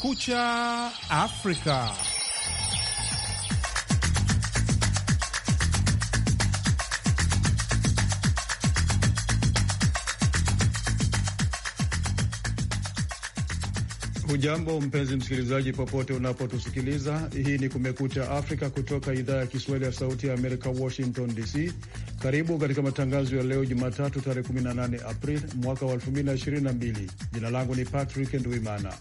Kumekucha Afrika. Hujambo mpenzi msikilizaji, popote unapotusikiliza. Hii ni Kumekucha Afrika kutoka idhaa ya Kiswahili ya Sauti ya Amerika, Washington DC. Karibu katika matangazo ya leo Jumatatu, tarehe 18 Aprili mwaka wa 2022. Jina langu ni Patrick Ndwimana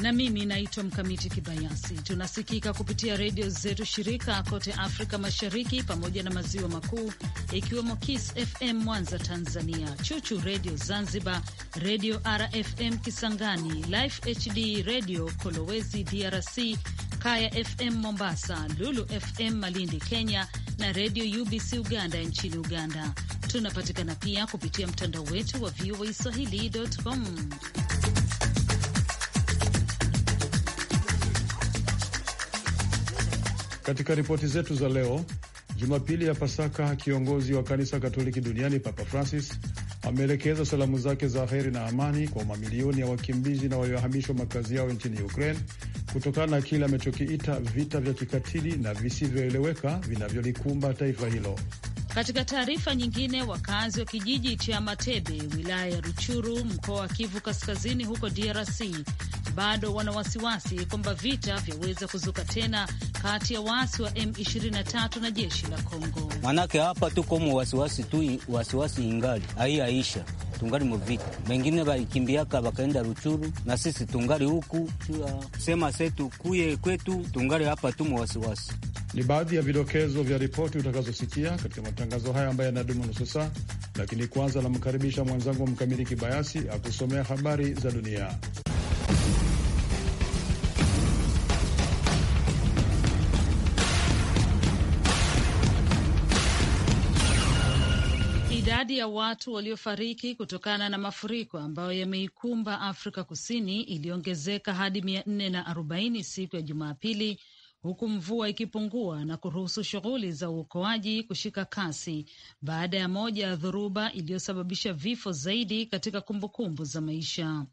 na mimi naitwa Mkamiti Kibayasi. Tunasikika kupitia redio zetu shirika kote Afrika Mashariki pamoja na Maziwa Makuu, ikiwemo Kiss FM Mwanza Tanzania, Chuchu Redio Zanzibar, Redio RFM Kisangani, Life HD Redio Kolowezi DRC, Kaya FM Mombasa, Lulu FM Malindi Kenya na Redio UBC Uganda nchini Uganda. Tunapatikana pia kupitia mtandao wetu wa VOA Swahili.com. Katika ripoti zetu za leo, Jumapili ya Pasaka, kiongozi wa kanisa Katoliki duniani Papa Francis ameelekeza salamu zake za heri na amani kwa mamilioni ya wakimbizi na waliohamishwa makazi yao nchini Ukraine kutokana na kile amechokiita vita vya kikatili na visivyoeleweka vinavyolikumba taifa hilo. Katika taarifa nyingine, wakazi wa kijiji cha Matebe wilaya ya Ruchuru mkoa wa Kivu Kaskazini huko DRC bado wana wasiwasi kwamba vita vyaweza kuzuka tena kati ya waasi wa M23 na jeshi la Kongo. Manake hapa tuko mu wasiwasi tu, wasiwasi ingali ai aisha tungali muvita vita. Wengine walikimbiaka wakaenda Ruchuru na sisi tungali huku sema setu kuye kwetu, tungali hapa tu wasiwasi. Ni baadhi ya vidokezo vya ripoti utakazosikia katika matangazo haya ambayo yanadumu nusu saa, lakini kwanza namkaribisha mwenzangu Mkamili Kibayasi akusomea habari za dunia. Idadi ya watu waliofariki kutokana na mafuriko ambayo yameikumba Afrika Kusini iliongezeka hadi mia nne na arobaini siku ya Jumapili huku mvua ikipungua na kuruhusu shughuli za uokoaji kushika kasi baada ya moja ya dhoruba iliyosababisha vifo zaidi katika kumbukumbu za maisha.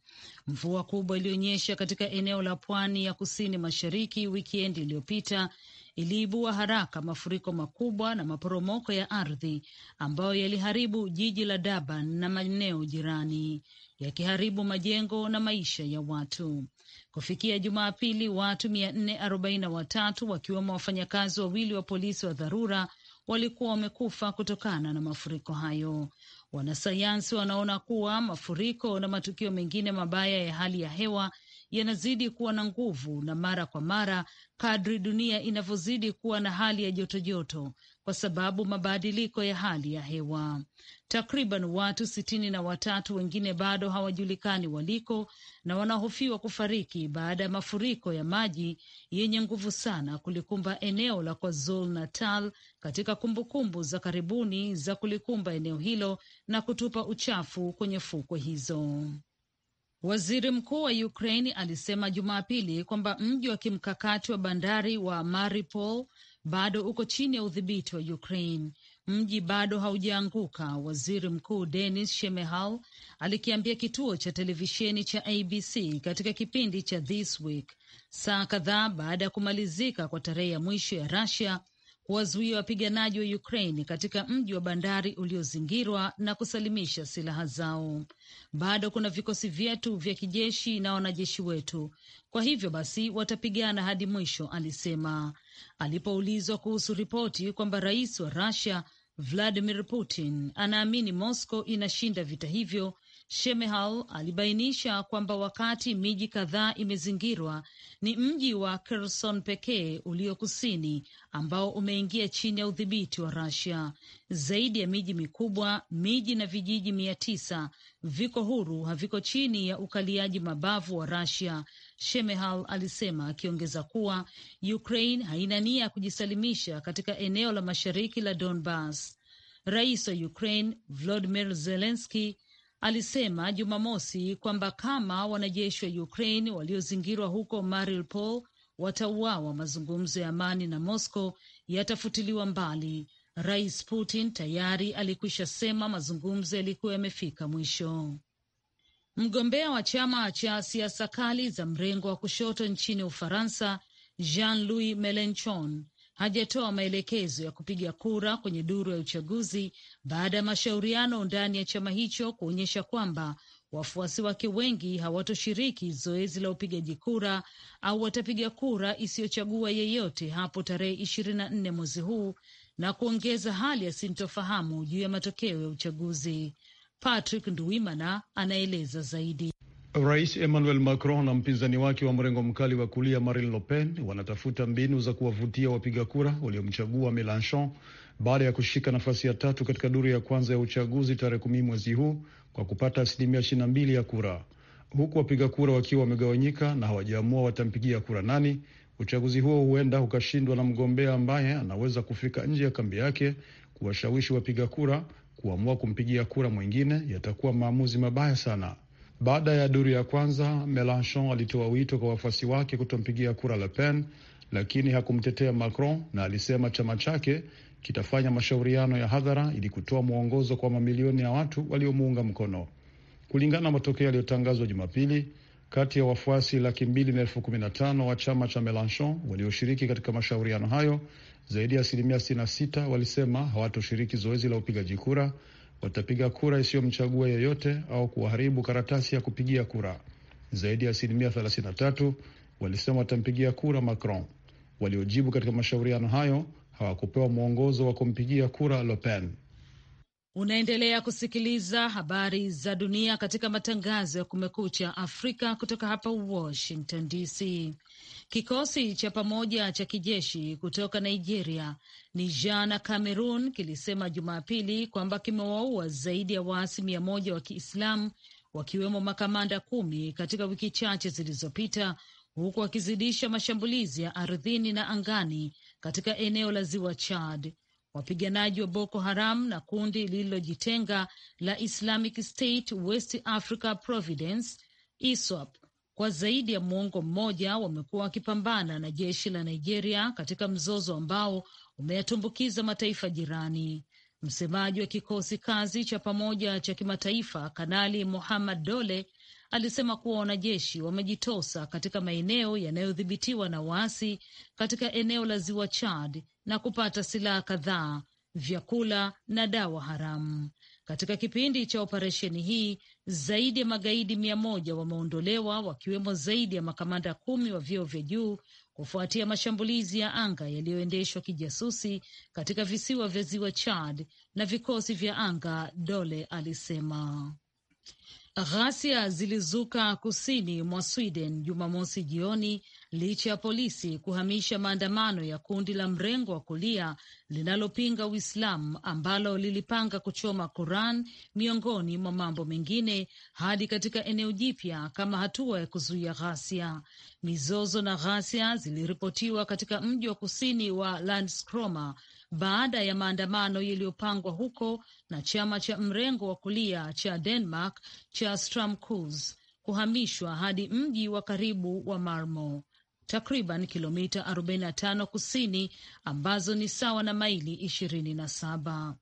Mvua kubwa iliyonyesha katika eneo la pwani ya kusini mashariki wikendi iliyopita iliibua haraka mafuriko makubwa na maporomoko ya ardhi ambayo yaliharibu jiji la Durban na maeneo jirani, yakiharibu majengo na maisha ya watu. Kufikia Jumapili, watu mia nne arobaini na watatu wakiwemo wafanyakazi wawili wa polisi wa dharura walikuwa wamekufa kutokana na mafuriko hayo. Wanasayansi wanaona kuwa mafuriko na matukio mengine mabaya ya hali ya hewa yanazidi kuwa na nguvu na mara kwa mara kadri dunia inavyozidi kuwa na hali ya jotojoto kwa sababu mabadiliko ya hali ya hewa. Takriban watu sitini na watatu wengine bado hawajulikani waliko na wanahofiwa kufariki baada ya mafuriko ya maji yenye nguvu sana kulikumba eneo la KwaZulu Natal katika kumbukumbu za karibuni za kulikumba eneo hilo na kutupa uchafu kwenye fukwe hizo. Waziri mkuu wa ukraini alisema Jumapili kwamba mji wa kimkakati wa bandari wa Mariupol bado uko chini ya udhibiti wa Ukraine. Mji bado haujaanguka, waziri mkuu Denis Shemehal alikiambia kituo cha televisheni cha ABC katika kipindi cha This Week, saa kadhaa baada ya kumalizika kwa tarehe ya mwisho ya Russia kuwazuia wapiganaji wa Ukraine katika mji wa bandari uliozingirwa na kusalimisha silaha zao. Bado kuna vikosi vyetu vya kijeshi na wanajeshi wetu, kwa hivyo basi watapigana hadi mwisho, alisema alipoulizwa kuhusu ripoti kwamba rais wa Russia Vladimir Putin anaamini Moscow inashinda vita hivyo. Shemehal alibainisha kwamba wakati miji kadhaa imezingirwa, ni mji wa Kherson pekee ulio kusini ambao umeingia chini ya udhibiti wa Russia. Zaidi ya miji mikubwa, miji na vijiji mia tisa viko huru, haviko chini ya ukaliaji mabavu wa Russia, Shemehal alisema, akiongeza kuwa Ukraine haina nia ya kujisalimisha katika eneo la mashariki la Donbas. Rais wa Ukraine Volodymyr Zelensky alisema Jumamosi kwamba kama wanajeshi wa Ukraine waliozingirwa huko Mariupol watauawa, mazungumzo ya amani na Moscow yatafutiliwa mbali. Rais Putin tayari alikwisha sema mazungumzo yalikuwa yamefika mwisho. Mgombea wa chama cha siasa kali za mrengo wa kushoto nchini Ufaransa, Jean Louis Melenchon hajatoa maelekezo ya kupiga kura kwenye duru ya uchaguzi baada ya mashauriano ndani ya chama hicho kuonyesha kwamba wafuasi wake wengi hawatoshiriki zoezi la upigaji kura au watapiga kura isiyochagua yeyote hapo tarehe ishirini na nne mwezi huu na kuongeza hali ya sintofahamu juu ya matokeo ya uchaguzi. Patrick nduimana anaeleza zaidi. Rais Emmanuel Macron na mpinzani wake wa mrengo mkali wa kulia Marine Le Pen wanatafuta mbinu za kuwavutia wapiga kura waliomchagua Melanchon baada ya kushika nafasi ya tatu katika duru ya kwanza ya uchaguzi tarehe kumi mwezi huu kwa kupata asilimia ishirini na mbili ya kura, huku wapiga kura wakiwa wamegawanyika na hawajaamua watampigia kura nani. Uchaguzi huo huenda ukashindwa na mgombea ambaye anaweza kufika nje ya kambi yake kuwashawishi wapiga kura kuamua kumpigia kura mwingine. Yatakuwa maamuzi mabaya sana. Baada ya duru ya kwanza, Melanchon alitoa wito kwa wafuasi wake kutompigia kura Le Pen, lakini hakumtetea Macron na alisema chama chake kitafanya mashauriano ya hadhara ili kutoa mwongozo kwa mamilioni ya watu waliomuunga mkono. Kulingana na matokeo yaliyotangazwa Jumapili, kati ya wafuasi laki mbili na elfu kumi na tano wa chama cha Melanchon walioshiriki katika mashauriano hayo, zaidi ya asilimia 66 walisema hawatoshiriki zoezi la upigaji kura watapiga kura isiyomchagua yeyote au kuharibu karatasi ya kupigia kura. Zaidi ya asilimia 33 walisema watampigia kura Macron. Waliojibu katika mashauriano hayo hawakupewa mwongozo wa kumpigia kura Le Pen. Unaendelea kusikiliza habari za dunia katika matangazo ya Kumekucha Afrika kutoka hapa Washington DC. Kikosi cha pamoja cha kijeshi kutoka Nigeria, Niger na Cameroon kilisema Jumapili kwamba kimewaua zaidi ya waasi mia moja wa Kiislamu, wakiwemo makamanda kumi katika wiki chache zilizopita, huku wakizidisha mashambulizi ya ardhini na angani katika eneo la ziwa Chad. Wapiganaji wa Boko Haram na kundi lililojitenga la Islamic State West Africa Providence ISWAP kwa zaidi ya muongo mmoja wamekuwa wakipambana na jeshi la Nigeria katika mzozo ambao umeyatumbukiza mataifa jirani. Msemaji wa kikosi kazi cha pamoja cha kimataifa Kanali Muhammad Dole alisema kuwa wanajeshi wamejitosa katika maeneo yanayodhibitiwa na waasi katika eneo la ziwa Chad na kupata silaha kadhaa, vyakula na dawa haramu. Katika kipindi cha operesheni hii zaidi ya magaidi mia moja wameondolewa wakiwemo zaidi ya makamanda kumi wa vyeo vya juu kufuatia mashambulizi ya anga yaliyoendeshwa kijasusi katika visiwa vya ziwa Chad na vikosi vya anga, Dole alisema. Ghasia zilizuka kusini mwa Sweden Jumamosi jioni licha ya polisi kuhamisha maandamano ya kundi la mrengo wa kulia linalopinga Uislamu ambalo lilipanga kuchoma Quran miongoni mwa mambo mengine hadi katika eneo jipya kama hatua ya kuzuia ghasia. Mizozo na ghasia ziliripotiwa katika mji wa kusini wa Landskrona baada ya maandamano yaliyopangwa huko na chama cha mrengo wa kulia cha Denmark cha Stramkurs kuhamishwa hadi mji wa karibu wa marmo takriban kilomita 45 kusini ambazo ni sawa na maili 27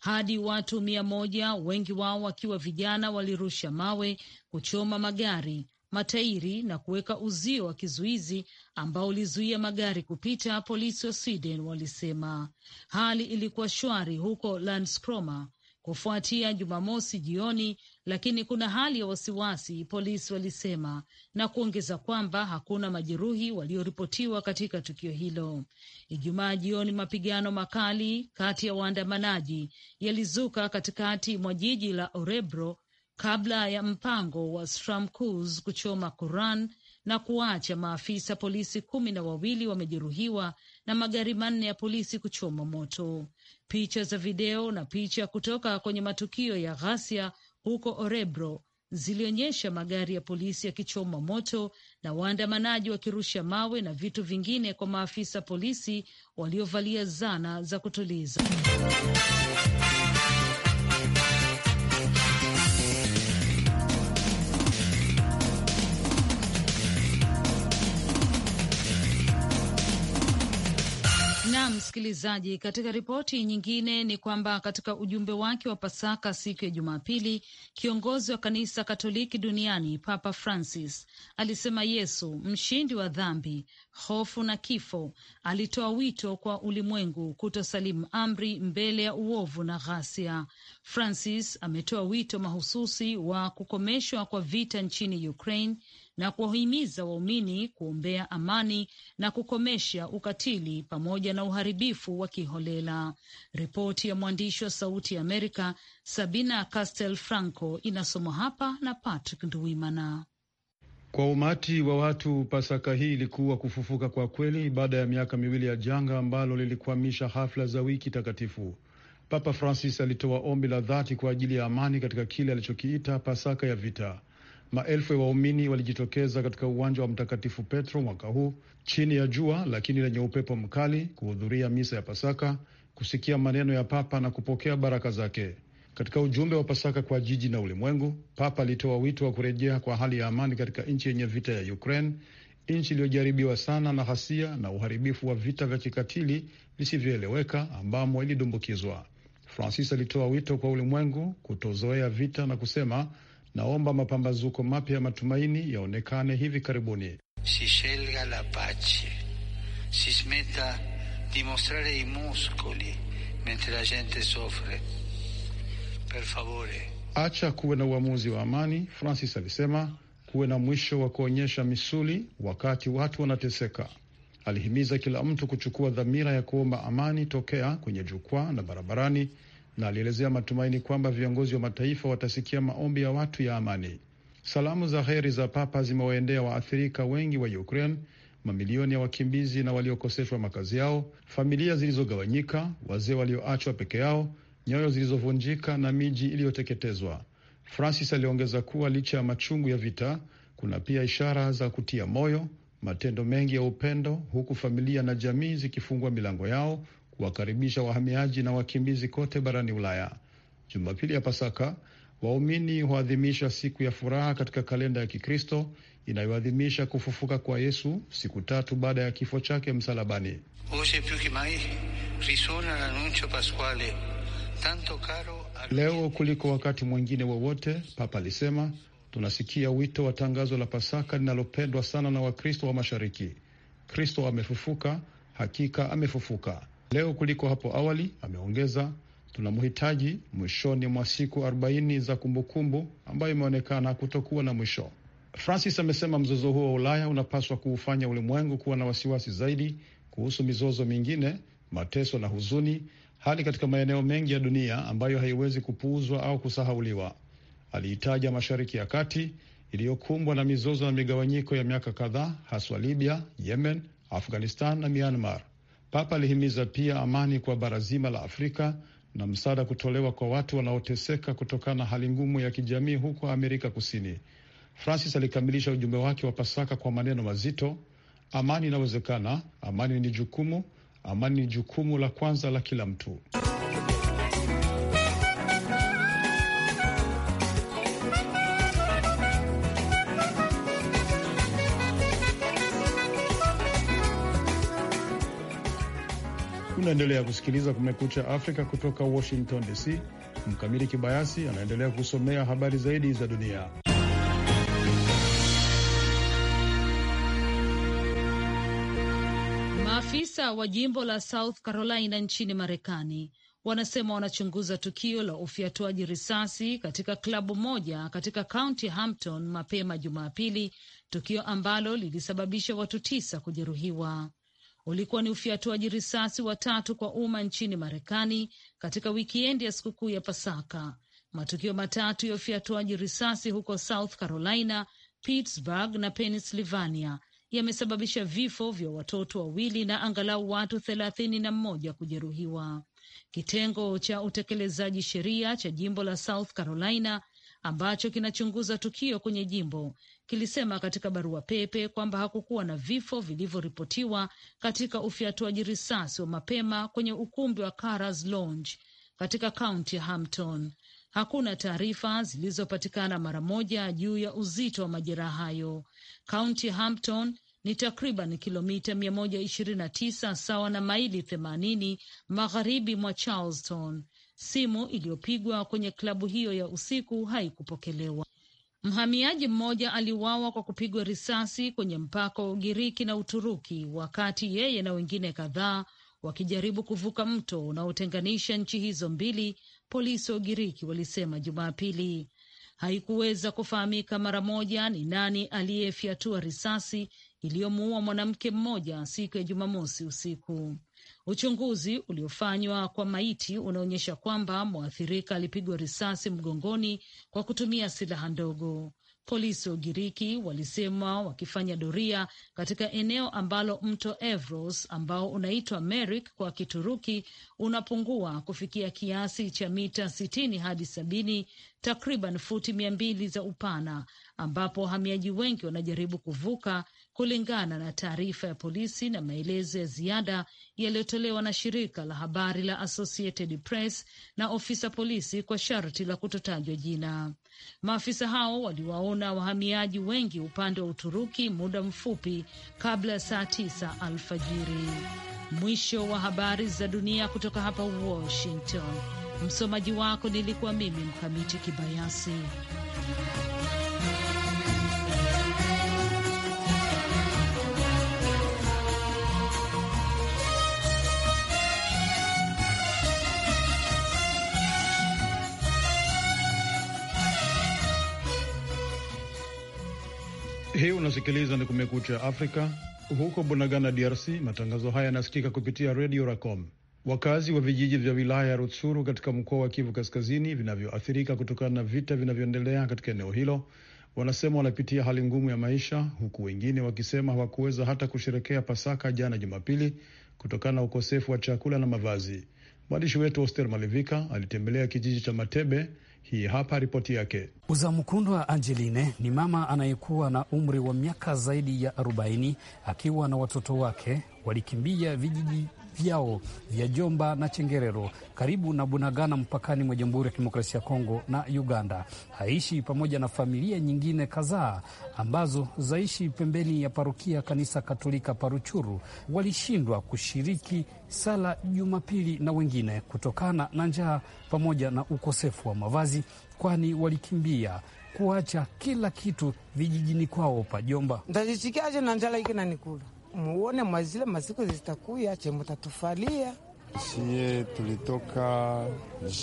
hadi watu mia moja, wengi wao wakiwa vijana, walirusha mawe, kuchoma magari, matairi na kuweka uzio wa kizuizi ambao ulizuia magari kupita. Polisi wa Sweden walisema hali ilikuwa shwari huko Landskrona, kufuatia Jumamosi jioni, lakini kuna hali ya wasiwasi, polisi walisema na kuongeza kwamba hakuna majeruhi walioripotiwa katika tukio hilo. Ijumaa jioni, mapigano makali kati ya waandamanaji yalizuka katikati mwa jiji la Orebro kabla ya mpango wa Stramcus kuchoma Quran na kuacha maafisa polisi kumi na wawili wamejeruhiwa na magari manne ya polisi kuchoma moto. Picha za video na picha kutoka kwenye matukio ya ghasia huko Orebro zilionyesha magari ya polisi yakichoma moto na waandamanaji wakirusha mawe na vitu vingine kwa maafisa polisi waliovalia zana za kutuliza msikilizaji, katika ripoti nyingine ni kwamba katika ujumbe wake wa Pasaka siku ya Jumapili, kiongozi wa kanisa Katoliki duniani Papa Francis alisema Yesu, mshindi wa dhambi, hofu na kifo, alitoa wito kwa ulimwengu kutosalimu amri mbele ya uovu na ghasia. Francis ametoa wito mahususi wa kukomeshwa kwa vita nchini Ukraine na kuwahimiza waumini kuombea amani na kukomesha ukatili pamoja na uharibifu wa kiholela. Ripoti ya mwandishi wa Sauti ya Amerika Sabina Castel Franco inasomwa hapa na Patrick Nduwimana. Kwa umati wa watu, Pasaka hii ilikuwa kufufuka kwa kweli baada ya miaka miwili ya janga ambalo lilikwamisha hafla za wiki takatifu. Papa Francis alitoa ombi la dhati kwa ajili ya amani katika kile alichokiita Pasaka ya vita. Maelfu ya waumini walijitokeza katika uwanja wa Mtakatifu Petro mwaka huu chini ya jua lakini lenye upepo mkali kuhudhuria misa ya Pasaka, kusikia maneno ya Papa na kupokea baraka zake. Katika ujumbe wa Pasaka kwa jiji na ulimwengu, Papa alitoa wito wa kurejea kwa hali ya amani katika nchi yenye vita ya Ukraine, nchi iliyojaribiwa sana na ghasia na uharibifu wa vita vya kikatili visivyoeleweka ambamo ilidumbukizwa. Francis alitoa wito kwa ulimwengu kutozoea vita na kusema naomba mapambazuko mapya ya matumaini yaonekane hivi karibuni. Siscelga la pace i muscoli mentre la gente soffre per favore. Acha kuwe na uamuzi wa amani, Francis alisema. Kuwe na mwisho wa kuonyesha misuli wakati watu wanateseka. Alihimiza kila mtu kuchukua dhamira ya kuomba amani tokea kwenye jukwaa na barabarani na alielezea matumaini kwamba viongozi wa mataifa watasikia maombi ya watu ya amani. Salamu za heri za Papa zimewaendea waathirika wengi wa Ukraine, mamilioni ya wakimbizi na waliokoseshwa makazi yao, familia zilizogawanyika, wazee walioachwa peke yao, nyoyo zilizovunjika na miji iliyoteketezwa. Francis aliongeza kuwa licha ya machungu ya vita, kuna pia ishara za kutia moyo, matendo mengi ya upendo, huku familia na jamii zikifungua milango yao kuwakaribisha wahamiaji na wakimbizi kote barani Ulaya. Jumapili ya Pasaka waumini huadhimisha siku ya furaha katika kalenda ya Kikristo inayoadhimisha kufufuka kwa Yesu siku tatu baada ya kifo chake msalabani. Leo kuliko wakati mwingine wowote wa Papa alisema tunasikia wito wa tangazo la Pasaka linalopendwa sana na Wakristo wa Mashariki. Kristo amefufuka, hakika amefufuka leo kuliko hapo awali. Ameongeza, tunamhitaji mwishoni mwa siku 40 za kumbukumbu ambayo imeonekana kutokuwa na mwisho. Francis amesema mzozo huo wa Ulaya unapaswa kuufanya ulimwengu kuwa na wasiwasi zaidi kuhusu mizozo mingine, mateso na huzuni, hali katika maeneo mengi ya dunia ambayo haiwezi kupuuzwa au kusahauliwa. Aliitaja Mashariki ya Kati iliyokumbwa na mizozo na migawanyiko ya miaka kadhaa, haswa Libya, Yemen, Afghanistan na Myanmar. Papa alihimiza pia amani kwa bara zima la Afrika na msaada kutolewa kwa watu wanaoteseka kutokana na hali ngumu ya kijamii huko Amerika Kusini. Francis alikamilisha ujumbe wake wa Pasaka kwa maneno mazito: amani inawezekana, amani ni jukumu, amani ni jukumu la kwanza la kila mtu. Mnaendelea kusikiliza Kumekucha Afrika kutoka Washington DC. Mkamili Kibayasi anaendelea kusomea habari zaidi za dunia. Maafisa wa jimbo la South Carolina nchini Marekani wanasema wanachunguza tukio la ufyatuaji risasi katika klabu moja katika kaunti Hampton mapema Jumapili, tukio ambalo lilisababisha watu tisa kujeruhiwa ulikuwa ni ufyatuaji risasi wa tatu kwa umma nchini Marekani katika wikiendi ya sikukuu ya Pasaka. Matukio matatu ya ufyatuaji risasi huko South Carolina, Pittsburgh na Pennsylvania yamesababisha vifo vya watoto wawili na angalau watu thelathini na mmoja kujeruhiwa. Kitengo cha utekelezaji sheria cha jimbo la South Carolina ambacho kinachunguza tukio kwenye jimbo kilisema katika barua pepe kwamba hakukuwa na vifo vilivyoripotiwa katika ufyatuaji risasi wa mapema kwenye ukumbi wa Cara's Lounge katika kaunti ya Hampton. Hakuna taarifa zilizopatikana mara moja juu ya uzito wa majeraha hayo. Kaunti ya Hampton ni takriban kilomita 129 sawa na maili 80 magharibi mwa Charleston. Simu iliyopigwa kwenye klabu hiyo ya usiku haikupokelewa. Mhamiaji mmoja aliuawa kwa kupigwa risasi kwenye mpaka wa Ugiriki na Uturuki wakati yeye na wengine kadhaa wakijaribu kuvuka mto unaotenganisha nchi hizo mbili, polisi wa Ugiriki walisema Jumapili. Haikuweza kufahamika mara moja ni nani aliyefyatua risasi iliyomuua mwanamke mmoja siku ya Jumamosi usiku. Uchunguzi uliofanywa kwa maiti unaonyesha kwamba mwathirika alipigwa risasi mgongoni kwa kutumia silaha ndogo. Polisi wa Ugiriki walisema wakifanya doria katika eneo ambalo mto Evros ambao unaitwa Merik kwa Kituruki unapungua kufikia kiasi cha mita sitini hadi sabini takriban futi mia mbili za upana, ambapo wahamiaji wengi wanajaribu kuvuka kulingana na taarifa ya polisi na maelezo ya ziada yaliyotolewa na shirika la habari la Associated Press na ofisa polisi kwa sharti la kutotajwa jina. Maafisa hao waliwaona wahamiaji wengi upande wa Uturuki muda mfupi kabla ya saa tisa alfajiri. Mwisho wa habari za dunia kutoka hapa Washington. Msomaji wako nilikuwa mimi Mkamiti Kibayasi. Hii unasikiliza ni Kumekucha Afrika. Huko Bunagana, DRC, matangazo haya yanasikika kupitia redio Racom. Wakazi wa vijiji vya wilaya ya Rutsuru katika mkoa wa Kivu Kaskazini vinavyoathirika kutokana na vita vinavyoendelea katika eneo hilo wanasema wanapitia hali ngumu ya maisha, huku wengine wakisema hawakuweza hata kusherekea Pasaka jana Jumapili kutokana na ukosefu wa chakula na mavazi. Mwandishi wetu Oster Malivika alitembelea kijiji cha Matebe hii hapa ripoti yake. Uzamkundwa Angeline ni mama anayekuwa na umri wa miaka zaidi ya 40 akiwa na watoto wake walikimbia vijiji vyao vya Jomba na Chengerero karibu na Bunagana mpakani mwa Jamhuri ya Kidemokrasia ya Kongo na Uganda. Haishi pamoja na familia nyingine kadhaa ambazo zaishi pembeni ya parokia kanisa Katolika Paruchuru. Walishindwa kushiriki sala Jumapili na wengine kutokana na njaa pamoja na ukosefu wa mavazi, kwani walikimbia kuacha kila kitu vijijini kwao pa Jomba. na njala iki nanikula muone mwazile masiku zitakuya chemutatufalia. Sie tulitoka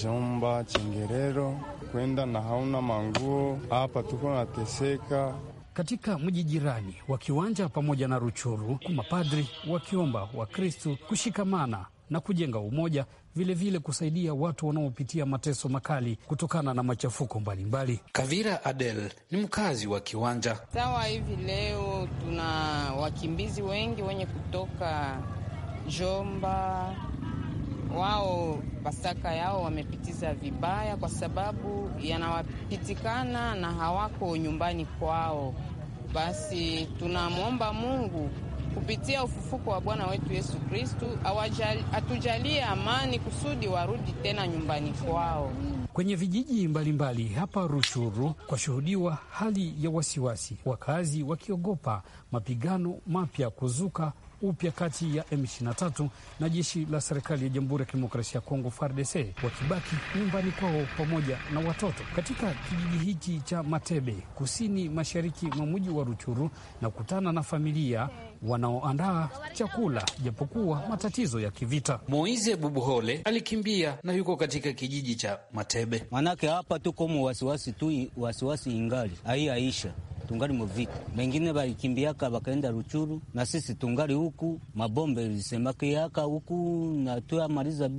Jomba Chengerero kwenda na hauna manguo hapa, tuko nateseka katika mji jirani wa Kiwanja pamoja na Ruchuru, mapadri wakiomba Wakristu kushikamana na kujenga umoja, vilevile vile kusaidia watu wanaopitia mateso makali kutokana na machafuko mbalimbali. Kavira Adel ni mkazi wa Kiwanja. Sawa, hivi leo tuna wakimbizi wengi wenye kutoka Jomba, wao Pasaka yao wamepitiza vibaya, kwa sababu yanawapitikana na hawako nyumbani kwao. Basi tunamwomba Mungu kupitia ufufuko wa Bwana wetu Yesu Kristu atujalie amani kusudi warudi tena nyumbani kwao. Kwenye vijiji mbalimbali mbali, hapa Rushuru shuhudiwa hali ya wasiwasi, wakazi wakiogopa mapigano mapya kuzuka upya kati ya M23 na jeshi la serikali ya Jamhuri ya Kidemokrasia ya Kongo FARDC wakibaki nyumbani kwao pamoja na watoto katika kijiji hiki cha Matebe kusini mashariki mwa mji wa Ruchuru na kutana na familia wanaoandaa chakula japokuwa matatizo ya kivita. Moise Bubuhole alikimbia na yuko katika kijiji cha Matebe. Manake hapa tuko mu wasiwasi tu, wasiwasi ingali aisha tungali muvita, bengine walikimbiaka wakaenda Ruchuru na sisi tungali huku, mabombe lisemaka yaka huku natwamaliza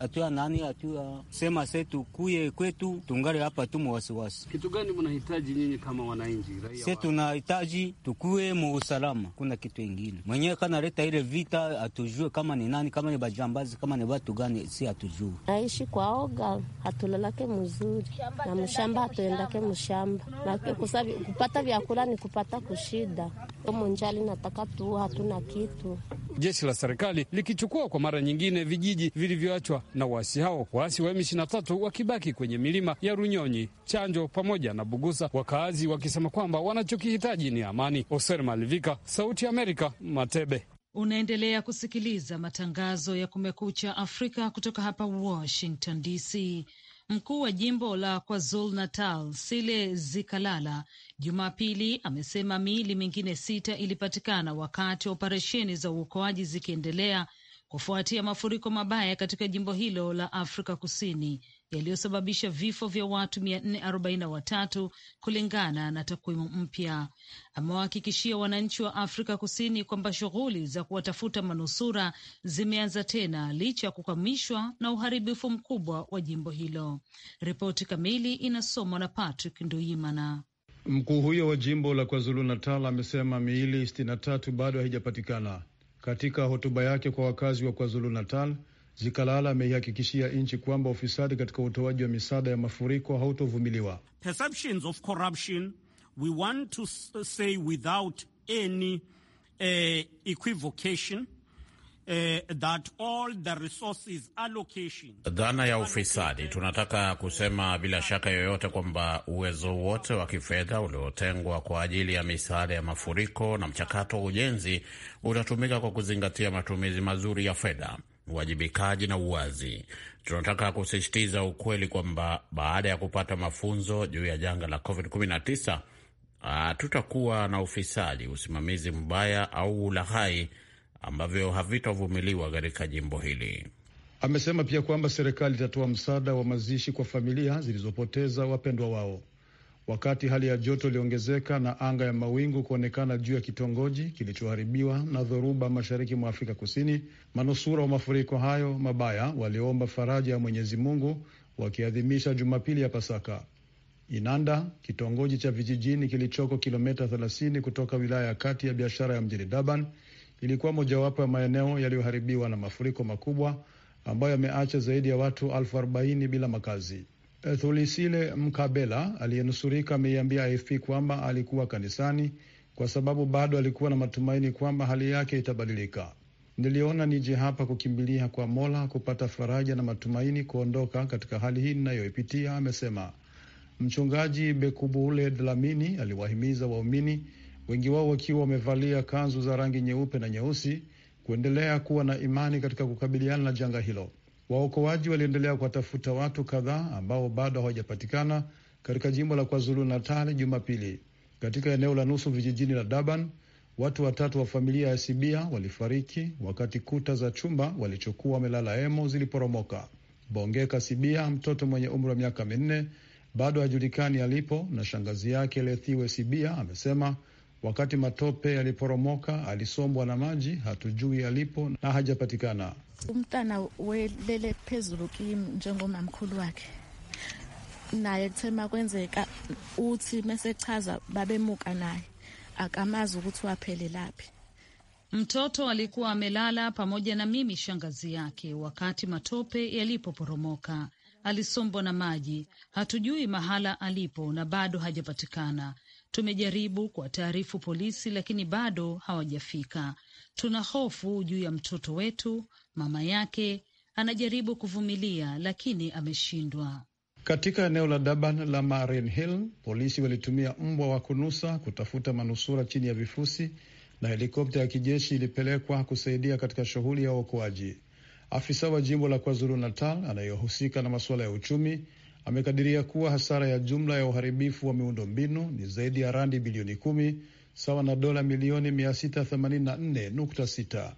hatua nani hatua sema se tukuye kwetu tungali hapa tu mwasiwasi. Kitu gani mnahitaji nyinyi kama wananchi raia? Se tunahitaji tukuye muusalama, kuna kitu ingine mwenyewe kanaleta ile vita hatujue kama ni nani, kama ni bajambazi, kama ni watu gani, si hatujue. Naishi kwa oga, hatulalake mzuri na mshamba, hatuendake mshamba na kupata vyakula ni kupata kushida munjali, nataka tu hatuna kitu. Jeshi la serikali likichukua kwa mara nyingine vijiji vilivyoachwa na waasi hao. Waasi wa M23 wakibaki kwenye milima ya Runyonyi, Chanjo pamoja na Bugusa, wakaazi wakisema kwamba wanachokihitaji ni amani. Oser Malivika, Sauti ya Amerika, Matebe. Unaendelea kusikiliza matangazo ya Kumekucha Afrika kutoka hapa Washington DC. Mkuu wa jimbo la KwaZul Natal Sile Zikalala Jumapili amesema miili mingine sita ilipatikana wakati wa operesheni za uokoaji zikiendelea kufuatia mafuriko mabaya katika jimbo hilo la Afrika Kusini yaliyosababisha vifo vya watu 443 kulingana na takwimu mpya. Amewahakikishia wananchi wa Afrika Kusini kwamba shughuli za kuwatafuta manusura zimeanza tena licha ya kukwamishwa na uharibifu mkubwa wa jimbo hilo. Ripoti kamili inasomwa na Patrick Nduimana. Mkuu huyo wa jimbo la KwaZulu Natal amesema miili 63 bado haijapatikana. Katika hotuba yake kwa wakazi wa KwaZulu Natal, Zikalala ameihakikishia nchi kwamba ufisadi katika utoaji wa misaada ya mafuriko hautovumiliwa. Perceptions of corruption we want to say without any uh, equivocation eh, dhana ya ufisadi. Tunataka kusema bila shaka yoyote kwamba uwezo wote wa kifedha uliotengwa kwa ajili ya misaada ya mafuriko na mchakato wa ujenzi utatumika kwa kuzingatia matumizi mazuri ya fedha, uwajibikaji na uwazi. Tunataka kusisitiza ukweli kwamba baada ya kupata mafunzo juu ya janga la COVID-19 hatutakuwa na ufisadi, usimamizi mbaya au ulaghai ambavyo havitovumiliwa katika jimbo hili. Amesema pia kwamba serikali itatoa msaada wa mazishi kwa familia zilizopoteza wapendwa wao. Wakati hali ya joto iliongezeka na anga ya mawingu kuonekana juu ya kitongoji kilichoharibiwa na dhoruba mashariki mwa Afrika Kusini, manusura wa mafuriko hayo mabaya waliomba faraja ya Mwenyezi Mungu wakiadhimisha Jumapili ya Pasaka. Inanda, kitongoji cha vijijini kilichoko kilomita 30 kutoka wilaya ya kati ya biashara ya mjini Durban, ilikuwa mojawapo ya maeneo yaliyoharibiwa na mafuriko makubwa ambayo yameacha zaidi ya watu elfu arobaini bila makazi. Thulisile Mkabela aliyenusurika ameiambia AFP kwamba alikuwa kanisani kwa sababu bado alikuwa na matumaini kwamba hali yake itabadilika. Niliona nije hapa kukimbilia kwa Mola kupata faraja na matumaini kuondoka katika hali hii ninayoipitia, amesema. Mchungaji Bekubule Dlamini aliwahimiza waumini wengi wao wakiwa wamevalia kanzu za rangi nyeupe na nyeusi, kuendelea kuwa na imani katika kukabiliana na janga hilo. Waokoaji waliendelea kuwatafuta watu kadhaa ambao bado hawajapatikana katika jimbo la KwaZulu Natal Jumapili. Katika eneo la nusu vijijini la Durban, watu watatu wa familia ya Sibia walifariki wakati kuta za chumba walichokuwa wamelala emo ziliporomoka. Bongeka Sibia, mtoto mwenye umri wa miaka minne, bado hajulikani alipo, na shangazi yake Lethiwe Sibia amesema Wakati matope yaliporomoka, alisombwa na maji, hatujui alipo na hajapatikana. umntana welele phezulu njengoma mkhulu wakhe naye kuthema kwenzeka uthi mesechaza babemuka naye akamazi ukuthi waphelelaphi. Mtoto alikuwa amelala pamoja na mimi shangazi yake, wakati matope yalipoporomoka. Alisombwa na maji, hatujui mahala alipo na bado hajapatikana. Tumejaribu kuwataarifu polisi, lakini bado hawajafika. Tuna hofu juu ya mtoto wetu, mama yake anajaribu kuvumilia lakini ameshindwa. Katika eneo la Daban la Marin Hill, polisi walitumia mbwa wa kunusa kutafuta manusura chini ya vifusi na helikopta ya kijeshi ilipelekwa kusaidia katika shughuli ya uokoaji. Afisa wa jimbo la KwaZulu Natal anayehusika na masuala ya uchumi amekadiria kuwa hasara ya jumla ya uharibifu wa miundo mbinu ni zaidi ya randi bilioni kumi sawa na dola milioni 684.6.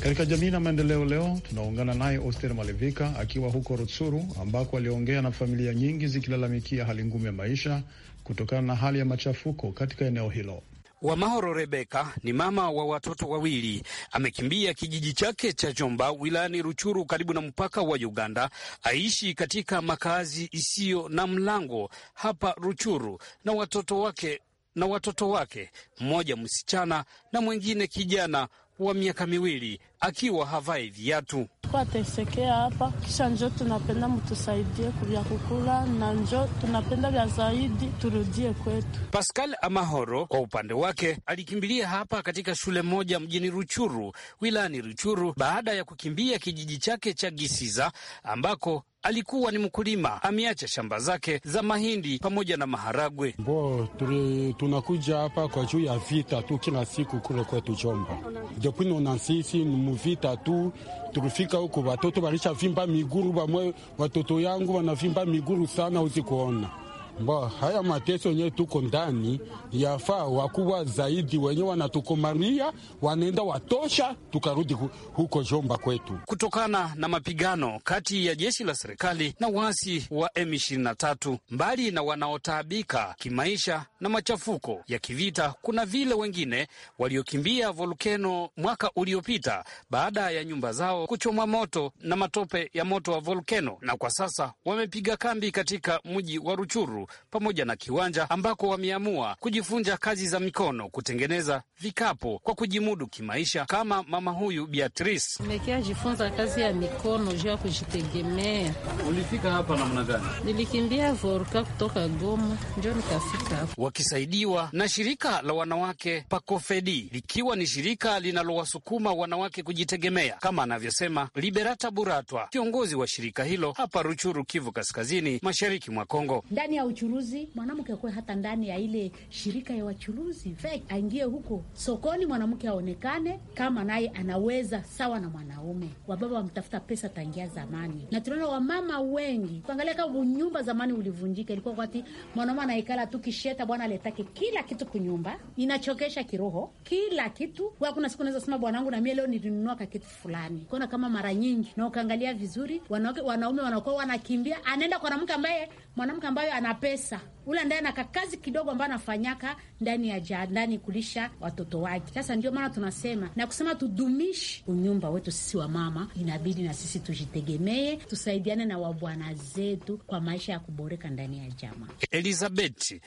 Katika jamii na maendeleo leo tunaungana naye Oster Malevika akiwa huko Rutsuru ambako aliongea na familia nyingi zikilalamikia hali ngumu ya maisha kutokana na hali ya machafuko katika eneo hilo. Wamahoro Rebeka ni mama wa watoto wawili, amekimbia kijiji chake cha Jomba wilayani Ruchuru karibu na mpaka wa Uganda, aishi katika makazi isiyo na mlango hapa Ruchuru na watoto wake na watoto wake mmoja msichana na mwingine kijana wa miaka miwili akiwa havai viatu. Atesekea hapa kisha njo tunapenda mtusaidie kuvya kukula na njo tunapenda vya zaidi turudie kwetu. Pascal Amahoro kwa upande wake alikimbilia hapa katika shule moja mjini Ruchuru wilayani Ruchuru baada ya kukimbia kijiji chake cha Gisiza ambako alikuwa ni mkulima, ameacha shamba zake za mahindi pamoja na maharagwe. Mbo tunakuja hapa kwa juu ya vita tu, kila siku kule kwetu Chomba depuis nonansisi ni muvita tu. Tulifika huku watoto walishavimba miguru, wamwe watoto yangu wanavimba miguru sana, uzikuona Bo, haya mateso yenyewe tuko ndani yafaa wakubwa zaidi wenyewe wanatukomaria wanaenda watosha, tukarudi huko Jomba kwetu. Kutokana na mapigano kati ya jeshi la serikali na waasi wa M23, mbali na wanaotaabika kimaisha na machafuko ya kivita, kuna vile wengine waliokimbia volkeno mwaka uliopita baada ya nyumba zao kuchomwa moto na matope ya moto wa volkeno, na kwa sasa wamepiga kambi katika mji wa Ruchuru pamoja na Kiwanja ambako wameamua kujifunza kazi za mikono kutengeneza vikapu kwa kujimudu kimaisha, kama mama huyu Beatrice. jifunza kazi ya mikono juu ya kujitegemea. Ulifika hapa namna gani? Nilikimbia voruka kutoka Goma ndio nikafika hapa, wakisaidiwa na shirika la wanawake Pakofedi, likiwa ni shirika linalowasukuma wanawake kujitegemea, kama anavyosema Liberata Buratwa, kiongozi wa shirika hilo hapa Ruchuru, Kivu Kaskazini, mashariki mwa Kongo. ndani ya uchuruzi, mwanamke akuwe hata ndani ya ile shirika ya wachuruzi VEC, aingie huko sokoni, mwanamke aonekane kama naye anaweza sawa na mwanaume. Wababa wamtafuta pesa tangia zamani, na tunaona wamama wengi kuangalia kama nyumba zamani ulivunjika, ilikuwa kwati mwanaume anaikala tu kisheta, bwana aletake kila kitu kunyumba, inachokesha kiroho, kila kitu kwa. Kuna siku naweza sema bwanangu, na mimi leo nilinunua kitu fulani, kona kama mara nyingi, na ukaangalia vizuri, wanaume wanakuwa wanakimbia, anaenda kwa mwanamke ambaye mwanamke ambayo ana pesa ule ndaye na kazi kidogo ambayo anafanyaka ndani ya jaa ndani kulisha watoto wake. Sasa ndio maana tunasema na kusema tudumishi unyumba wetu sisi wa mama, inabidi na sisi tujitegemee, tusaidiane na wabwana zetu kwa maisha ya kuboreka ndani ya jama. Elizabeth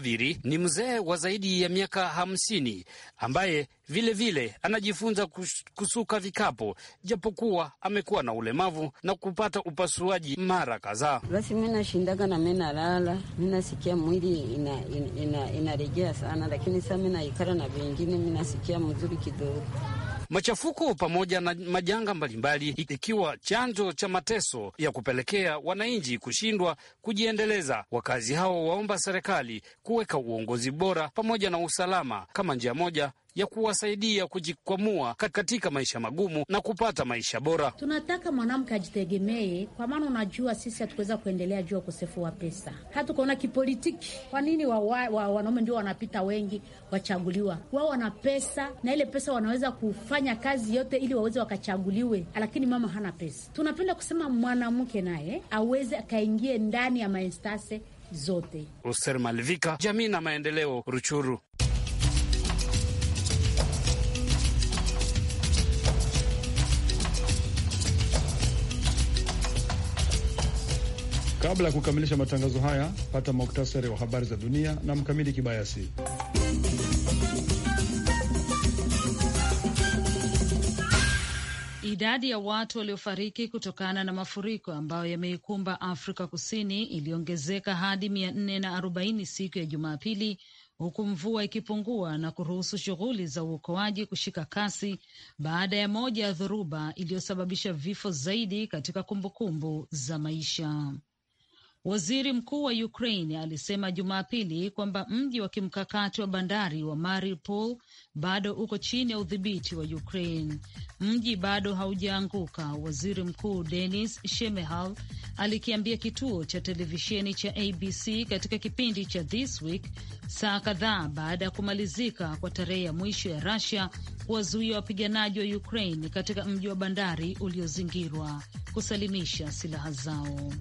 Viri ni mzee wa zaidi ya miaka hamsini ambaye vilevile vile anajifunza kusuka vikapo japokuwa amekuwa na ulemavu na kupata upasuaji mara kadhaa. Basi mi nashindaga na mi nalala nasikia mwili inarejea ina, ina, ina sana, lakini saa mi naikara na vingine mi nasikia mzuri kidogo. Machafuko pamoja na majanga mbalimbali ikiwa chanzo cha mateso ya kupelekea wananchi kushindwa kujiendeleza. Wakazi hao waomba serikali kuweka uongozi bora pamoja na usalama kama njia moja ya kuwasaidia kujikwamua katika maisha magumu na kupata maisha bora. Tunataka mwanamke ajitegemee, kwa maana unajua sisi hatukuweza kuendelea juu ya ukosefu wa pesa, hatukaona kipolitiki. Kwa nini wa, wa, wa, wanaume ndio wanapita wengi wachaguliwa? Wao wana pesa na ile pesa wanaweza kufanya kazi yote ili waweze wakachaguliwe, lakini mama hana pesa. Tunapenda kusema mwanamke naye aweze akaingie ndani ya maestase zote. Oser Malvika, jamii na maendeleo, Ruchuru. Kabla ya kukamilisha matangazo haya, pata muktasari wa habari za dunia na Mkamili Kibayasi. Idadi ya watu waliofariki kutokana na mafuriko ambayo yameikumba Afrika Kusini iliongezeka hadi mia nne na arobaini siku ya Jumapili, huku mvua ikipungua na kuruhusu shughuli za uokoaji kushika kasi baada ya moja ya dhoruba iliyosababisha vifo zaidi katika kumbukumbu za maisha. Waziri mkuu wa Ukraine alisema Jumapili kwamba mji wa kimkakati wa bandari wa Mariupol bado uko chini ya udhibiti wa Ukraine. Mji bado haujaanguka, waziri mkuu Denis Shemehal alikiambia kituo cha televisheni cha ABC katika kipindi cha This Week, saa kadhaa baada ya kumalizika kwa tarehe ya mwisho ya rasia kuwazuia wapiganaji wa Ukraine katika mji wa bandari uliozingirwa kusalimisha silaha zao.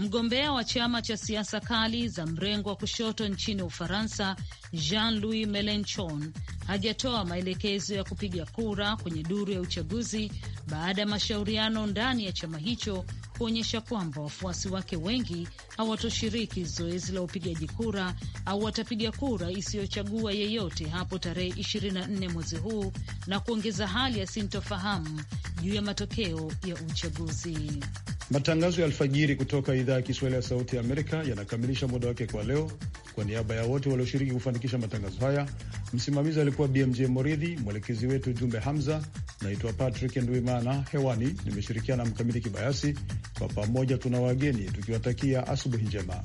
Mgombea wa chama cha siasa kali za mrengo wa kushoto nchini Ufaransa, Jean-Louis Melenchon, hajatoa maelekezo ya kupiga kura kwenye duru ya uchaguzi baada ya mashauriano ndani ya chama hicho kuonyesha kwamba wafuasi wake wengi hawatoshiriki zoezi la upigaji kura au watapiga kura isiyochagua yeyote hapo tarehe 24 mwezi huu na kuongeza hali ya sintofahamu juu ya matokeo ya uchaguzi. Matangazo ya alfajiri kutoka idhaa ya Kiswahili ya Sauti ya Amerika yanakamilisha muda wake kwa leo. Kwa niaba ya wote walioshiriki kufanikisha matangazo haya, msimamizi alikuwa BMJ Moridhi, mwelekezi wetu Jumbe Hamza. Naitwa Patrick Ndwimana, hewani nimeshirikiana na Mkamiti Kibayasi. Kwa pamoja tuna wageni tukiwatakia asubuhi njema.